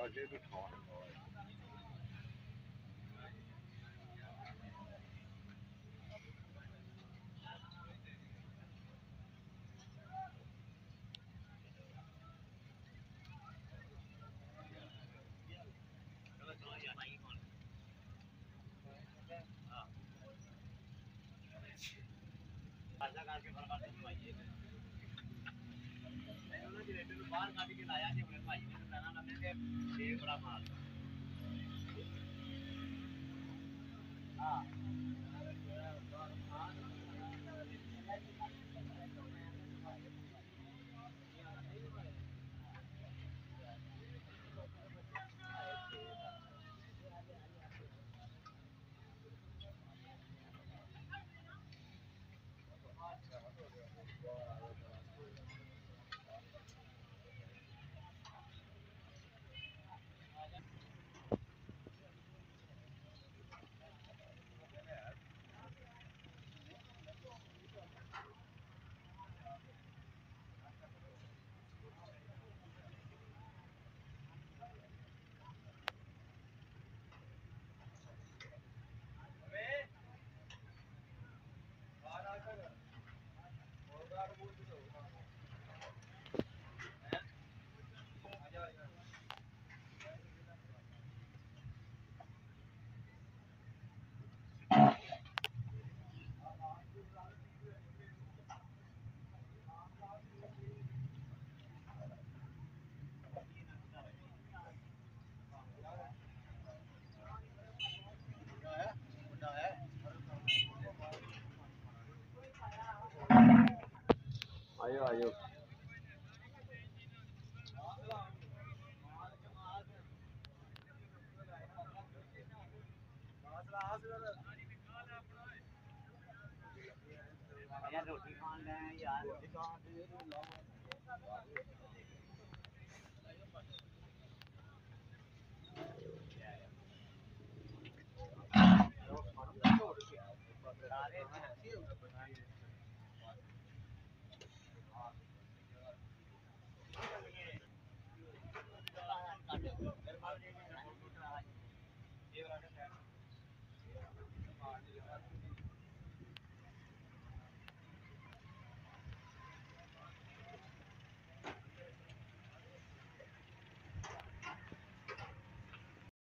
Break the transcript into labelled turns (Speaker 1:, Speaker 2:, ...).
Speaker 1: I gave the car away. बाहर काट के लाया ये बड़ा माल हाँ आयो आयो रोटी खान यार